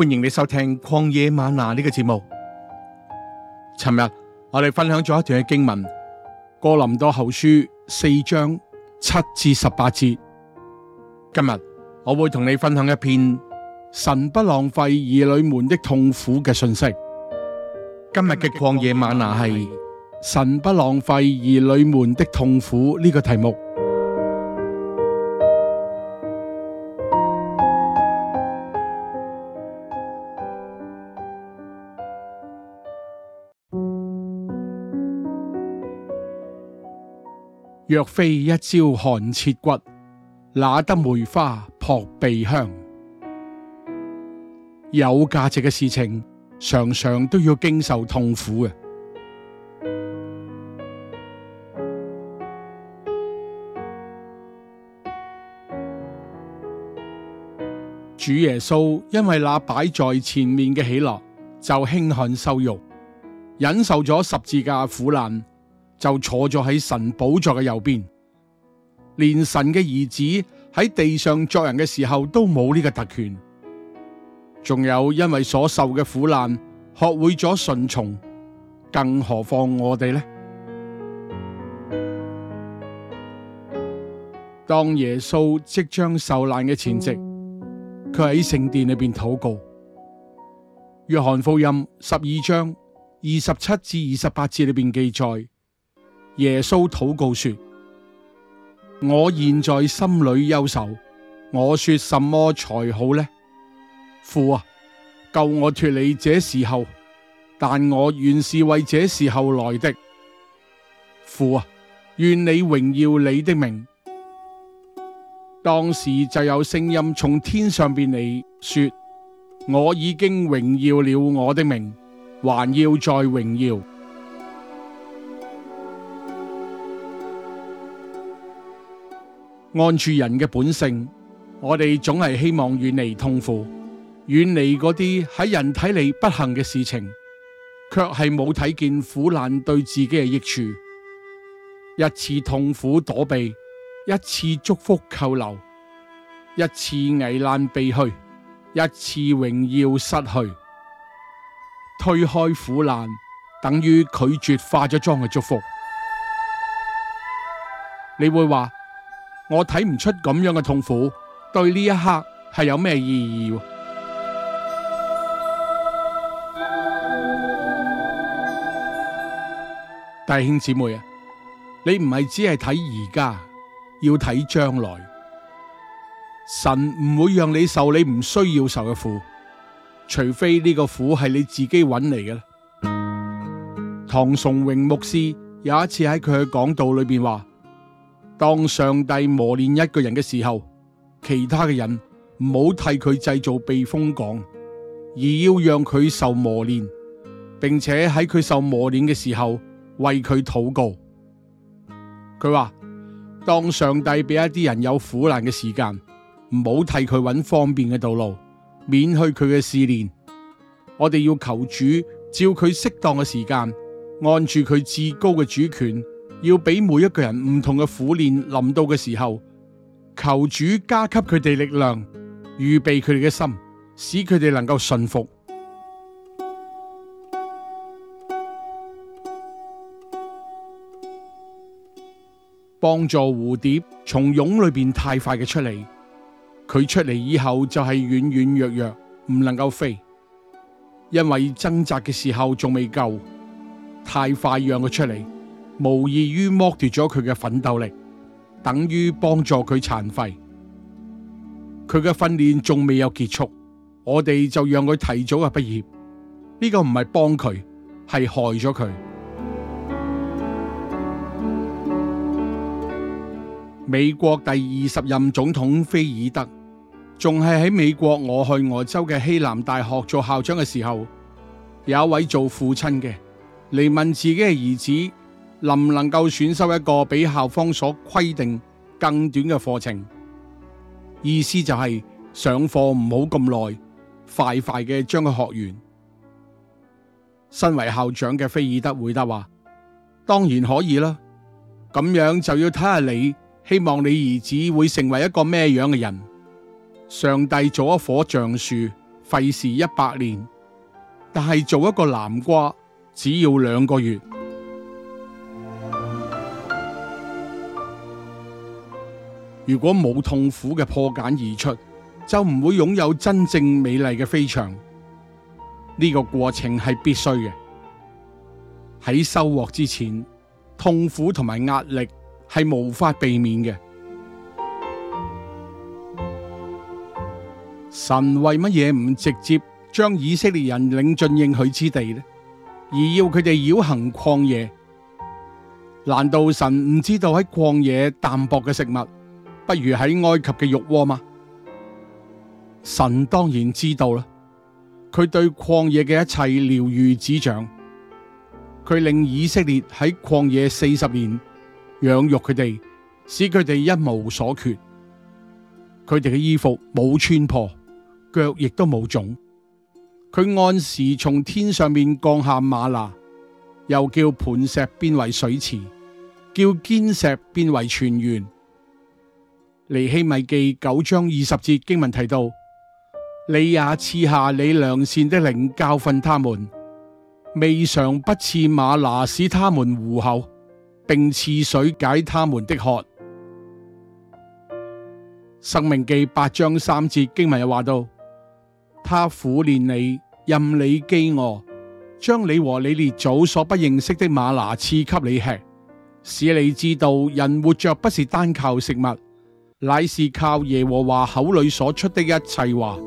歡迎你收聽曠野嗎哪呢個節目。尋日我哋分享咗一段嘅經文《哥林多後書》四章七至十八節。今日我會同你分享一篇神不浪費兒女們的痛苦嘅信息。今日嘅曠野嗎哪係神不浪費兒女們的痛苦呢個題目。若非一朝寒徹骨，哪得梅花撲鼻香？有價值嘅事情，常常都要經受痛苦嘅。主耶穌因為那擺在前面嘅喜樂，就輕看羞辱，忍受咗十字架苦難。就坐咗喺神寶座嘅右邊，連神嘅兒子喺地上作人嘅時候都冇呢個特權。仲有因為所受嘅苦難，學會咗順從，更何況我哋呢？當耶穌即將受難嘅前夕，佢喺聖殿裏邊禱告。約翰福音十二章二十七至二十八節裏邊記載。耶穌禱告說，我現在心裏憂愁，我說什麼才好呢？父啊，救我脱離這時候，但我原是為這時候來的。父啊，願你榮耀你的名。當時就有聲音從天上邊嚟說，我已經榮耀了我的名，還要再榮耀。按住人嘅本性，我哋總係希望遠離痛苦，遠離嗰啲喺人睇嚟，不幸嘅事情，卻係冇睇見苦難對自己嘅益處。一次痛苦躲避，一次祝福扣留，一次危難避去，一次榮耀失去。推開苦難，等於拒絕化咗妝嘅祝福。你會話？我睇唔出咁樣嘅痛苦對呢一刻係有咩意義？弟兄姊妹啊，你唔係只係睇而家，要睇將來。神唔會讓你受你唔需要受嘅苦，除非呢個苦係你自己揾嚟嘅。唐崇榮牧師有一次喺佢嘅講道裏邊話當上帝磨練一個人嘅時候，其他嘅人唔好替佢製造避風港，而要讓佢受磨練，並且喺佢受磨練嘅時候為佢禱告。佢話：當上帝俾一啲人有苦難嘅時間，唔好替佢揾方便嘅道路，免去佢嘅試煉。我哋要求主照佢適當嘅時間，按住佢至高嘅主權，要俾每一個人唔同嘅苦練臨到嘅時候，求主加給佢哋力量，預備佢哋嘅心，使佢哋能夠順服， 幫助蝴蝶從蛹裏邊太快嘅出嚟，佢出嚟以後就係軟軟弱弱，唔能夠飛，因為掙扎嘅時候仲未夠，太快讓佢出嚟。無異於剝奪咗佢嘅奮鬥力，等於幫助佢殘廢。佢嘅訓練仲未有結束，我哋就讓佢提早嘅畢業。呢個唔係幫佢，係害咗佢。美國第二十任總統菲爾德仲係喺美國俄亥俄州嘅西南大學做校長嘅時候，有一位做父親嘅嚟問自己嘅兒子。能唔能夠選修一個比校方所規定更短嘅課程？意思就係上課唔好咁耐，快快嘅將佢學完。身為校長嘅菲爾德回答話：當然可以啦，咁樣就要睇下你希望你兒子會成為一個咩樣嘅人。上帝做一棵橡樹費時一百年，但係做一個南瓜只要兩個月。如果冇痛苦嘅破繭而出，就唔會擁有真正美麗嘅飛翔。呢個過程係必須嘅。喺收穫之前，痛苦同埋壓力係無法避免嘅。神為乜嘢唔直接將以色列人領進應許之地呢？而要佢哋繞行曠野？難道神唔知道喺曠野淡薄嘅食物？不如喺埃及嘅肉鍋嗎？神當然知道啦，佢對曠野嘅一切了如指掌。佢令以色列喺曠野四十年養育佢哋，使佢哋一無所缺。佢哋嘅衣服冇穿破，腳亦都冇腫。佢按時從天上面降下嗎哪，又叫磐石變為水池，叫堅石變為泉源。尼希米記九章二十節經文提到：你也賜下你良善的靈教訓他們，未嘗不賜嗎哪使他們糊口，並賜水解他們的渴。申命記八章三節經文又話到：他苦煉你，任你飢餓，將你和你列祖所不認識的嗎哪賜給你吃，使你知道人活着不是單靠食物。乃是靠耶和華口裏所出的一切話。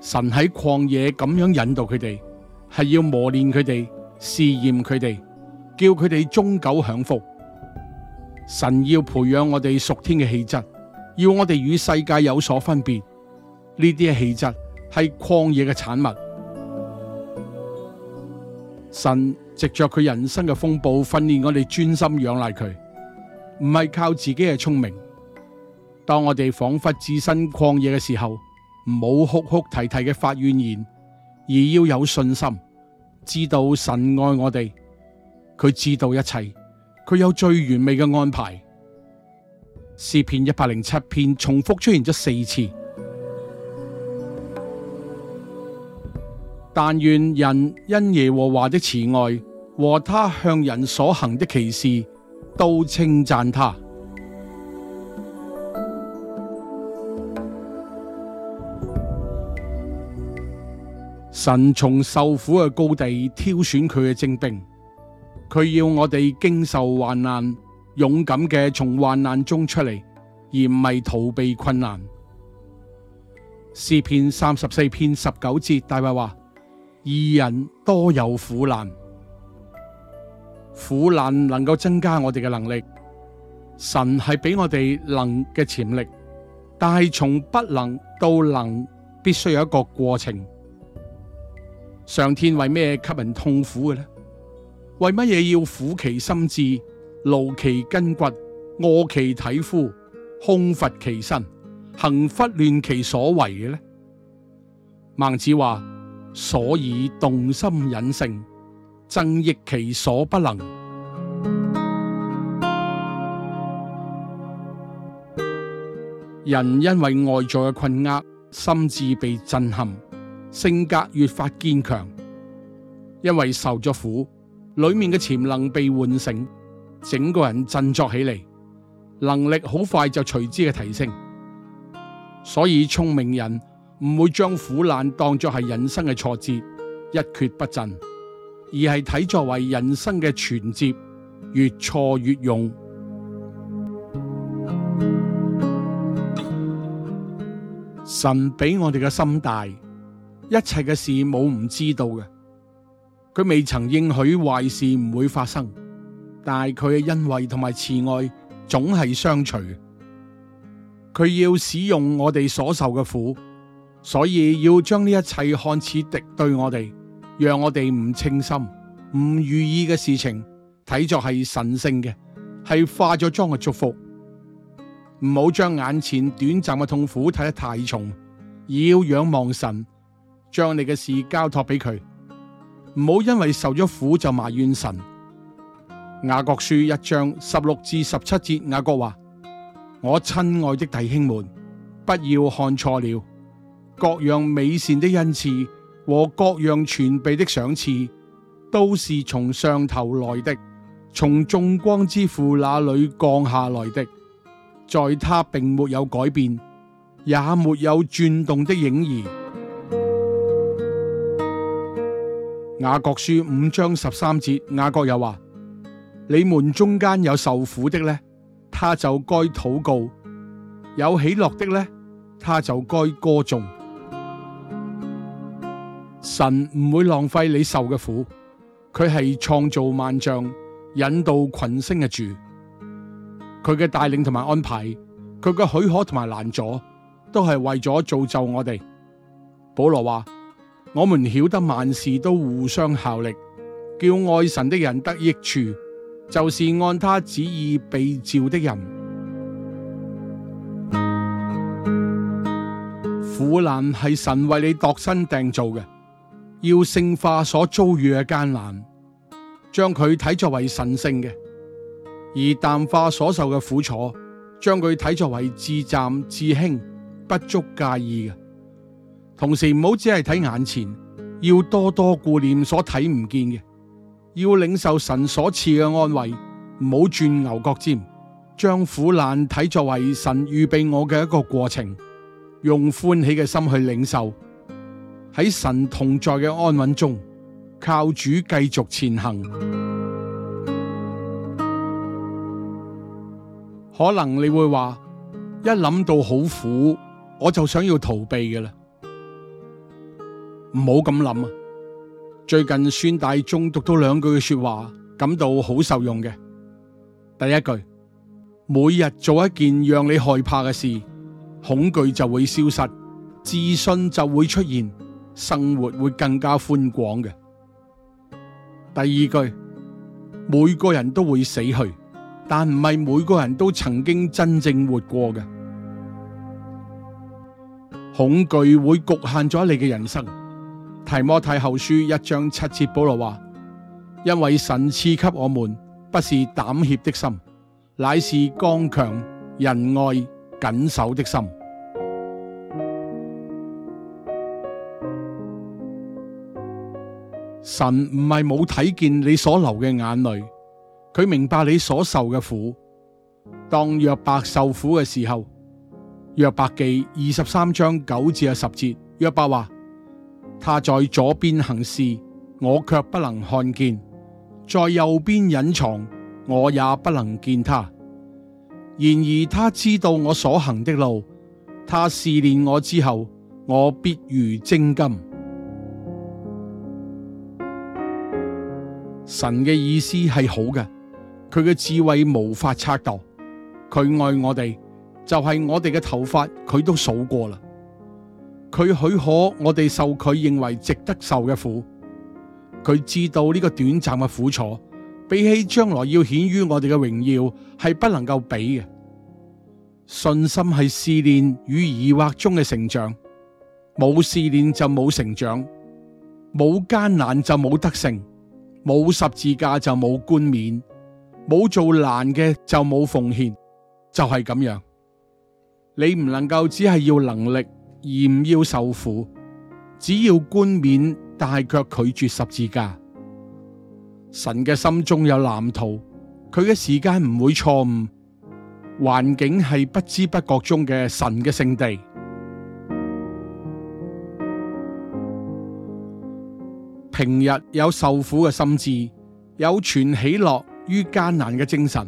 神喺曠野咁樣引導佢哋，係要磨練佢哋，試驗佢哋，叫佢哋終久享福。神要培養我哋屬天嘅氣質，要我哋與世界有所分別。呢啲氣質係曠野嘅產物。神藉着佢人生嘅風暴訓練我哋，專心仰賴佢。唔係靠自己嘅聰明。當我哋仿佛置身曠野嘅時候，唔好哭哭啼啼嘅發怨言，而要有信心，知道神愛我哋，佢知道一切，佢有最完美嘅安排。詩篇一百零七篇重複出現咗四次。但願人因耶和華的慈愛和他向人所行的奇事都稱讚他。神從受苦嘅高地挑選佢嘅精兵，佢要我哋經受患難，勇敢嘅從患難中出嚟，而唔係逃避困難。詩篇三十四篇十九節，大衛話說：義人多有苦難。苦難能夠增加我哋嘅能力，神係俾我哋能嘅潛力，但係從不能到能，必須有一個過程。上天為咩給人痛苦嘅呢？為乜嘢要苦其心志，勞其筋骨，餓其體膚，空乏其身，行拂亂其所為嘅呢？孟子話：所以動心忍性。曾益其所不能。人因為外在嘅困壓，心智被震撼，性格越發堅強。因為受咗苦，裏面嘅潛能被喚醒，整個人振作起嚟，能力好快就隨之嘅提升。所以聰明人唔會將苦難當作係人生嘅挫折，一蹶不振。而係睇作為人生嘅存接，越挫越勇。神比我哋嘅心大，一切嘅事冇唔知道嘅。佢未曾應許壞事唔會發生，但係佢嘅恩惠同埋慈愛總係相隨。佢要使用我哋所受嘅苦，所以要將呢一切看似敵對我哋。讓我哋唔稱心、唔如意嘅事情睇作係神聖嘅，係化咗妝嘅祝福。唔好將眼前短暫嘅痛苦睇得太重，要仰望神，將你嘅事交託俾佢。唔好因為受咗苦就埋怨神。雅各書一章十六至十七節，雅各話：我親愛嘅弟兄們，不要看錯了，各樣美善的恩賜。和各樣全備的賞賜，都是從上頭來的，從眾光之父那裡降下來的。在他並沒有改變，也沒有轉動的影兒。雅各書五章十三節，雅各又話：你們中間有受苦的呢，他就該禱告；有喜樂的呢，他就該歌頌。神唔會浪費你受嘅苦，佢係創造萬象，引導群星嘅主。佢嘅帶領同埋安排，佢嘅許可同埋攔阻，都係為咗造就我哋。保羅話：我們曉得萬事都互相效力，叫愛神的人得益處，就是按他旨意被召的人。苦難係神為你度身訂造嘅。要聖化所遭遇嘅艱難，將佢睇作為神聖嘅；而淡化所受嘅苦楚，將佢睇作為至暫至輕不足介意嘅。同時唔好只係睇眼前，要多多顧念所睇唔見嘅，要領受神所賜嘅安慰。唔好鑽牛角尖，將苦難睇作為神預備我嘅一個過程，用歡喜嘅心去領受。喺神同在嘅安穩中，靠主繼續前行。可能你會話，一諗到好苦，我就想要逃避嘅啦。唔好咁諗啊！最近孫大中讀到兩句嘅說話，感到好受用嘅。第一句：每日做一件讓你害怕嘅事，恐懼就會消失，自信就會出現。生活會更加寬廣嘅。第二句，每個人都會死去，但唔係每個人都曾經真正活過嘅。恐懼會局限咗你嘅人生。提摩太後書一章七節，保羅話：因為神賜給我們不是膽怯的心，乃是剛強、仁愛、謹守的心。神唔係冇睇見你所流嘅眼淚，佢明白你所受嘅苦。當約伯受苦嘅時候，約伯記二十三章九至啊十節，約伯話：他在左邊行事，我卻不能看見；在右邊隱藏，我也不能見他。然而他知道我所行的路，他試煉我之後，我必如精金。神嘅意思係好嘅，佢嘅智慧無法測度，佢愛我哋，就係、是、我哋嘅頭髮佢都數過啦。佢許可我哋受佢認為值得受嘅苦，佢知道呢個短暫嘅苦楚，比起將來要顯於我哋嘅榮耀係不能夠比嘅。信心係試煉與疑惑中嘅成長，冇試煉就冇成長，冇艱難就冇得勝。冇十字架就冇冠冕，冇做難嘅就冇奉獻，就係咁樣。你唔能夠只係要能力而唔要受苦，只要冠冕，但係卻拒絕十字架。神嘅心中有藍圖，佢嘅時間唔會錯誤，環境係不知不覺中嘅神嘅聖地。平日有受苦嘅心志，有傳喜樂於艱難嘅精神。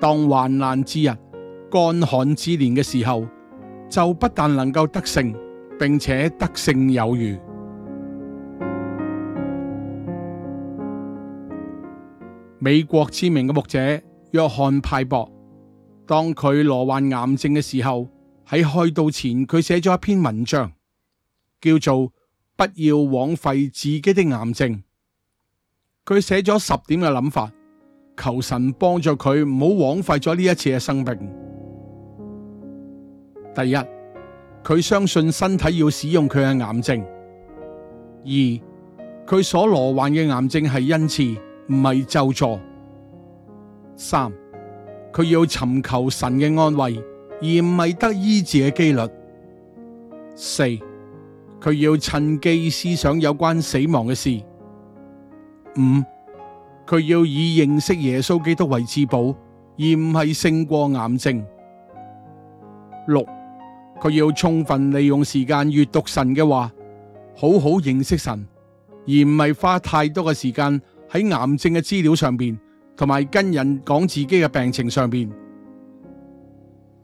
當患難之日，乾旱之年嘅時候，就不但能夠得勝，並且得勝有餘。美國知名嘅牧者約翰派博，當佢罹患癌症嘅時候，喺開刀前佢寫咗一篇文章，叫做，不要枉費自己的癌症，佢寫咗十點嘅諗法，求神幫助佢唔好枉費咗呢一次嘅生病。第一，佢相信身體要使用佢嘅癌症；二，佢所罹患嘅癌症係恩賜，唔係咒詛；三，佢要尋求神嘅安慰，而唔係得醫治嘅機率；四。佢要趁機思想有關死亡嘅事。五，佢要以認識耶穌基督為至寶，而唔係勝過癌症。六，佢要充分利用時間閱讀神嘅話，好好認識神，而唔係花太多嘅時間喺癌症嘅資料上邊，同埋跟人講自己嘅病情上邊。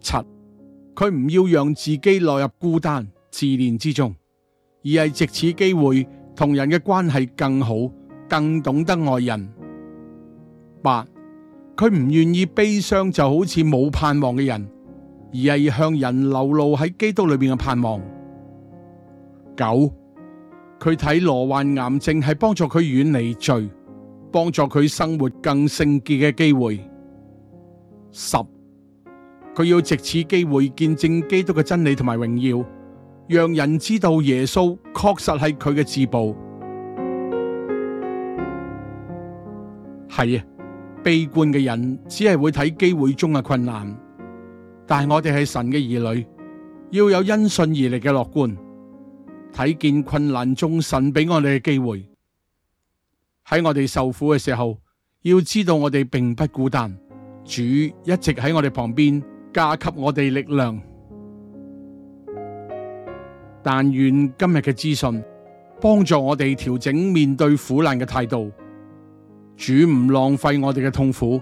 七，佢唔要讓自己落入孤單、自憐之中。而係借此機會同人嘅關係更好，更懂得愛人。八，佢唔願意悲傷就好似冇盼望嘅人，而係向人流露喺基督裏邊嘅盼望。九，佢睇羅患癌症係幫助佢遠離罪，幫助佢生活更聖潔嘅機會。十，佢要借此機會見證基督嘅真理同埋榮耀。讓人知道耶穌確實係佢嘅自暴。係啊！悲觀嘅人只係會睇機會中嘅困難，但係我哋係神嘅兒女，要有因信而嚟嘅樂觀，睇見困難中神俾我哋嘅機會。喺我哋受苦嘅時候，要知道我哋並不孤單，主一直喺我哋旁邊，加給我哋力量。但願今日嘅資訊幫助我哋調整面對苦難嘅態度。主唔浪費我哋嘅痛苦，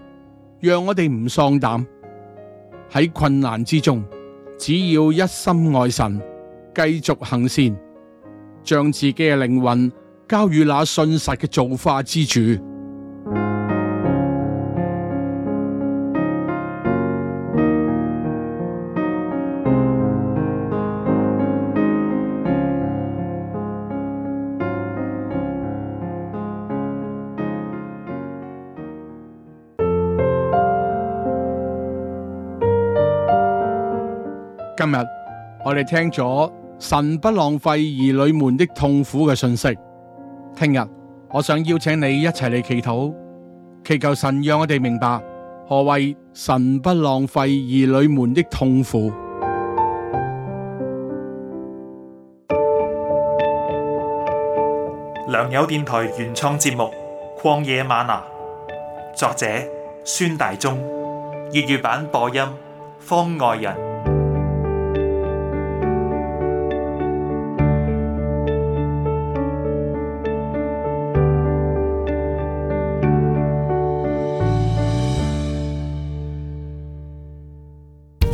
讓我哋唔喪膽。喺困難之中，只要一心愛神，繼續行善，將自己嘅靈魂交予那信實嘅造化之主。你聽咗神不浪費兒女們的痛苦嘅信息，聽日我想邀請你一齊嚟祈禱，祈求神讓我哋明白何謂神不浪費兒女們的痛苦。良友電台原創節目《曠野嗎哪》，作者孫大中，粵語版播音方外人。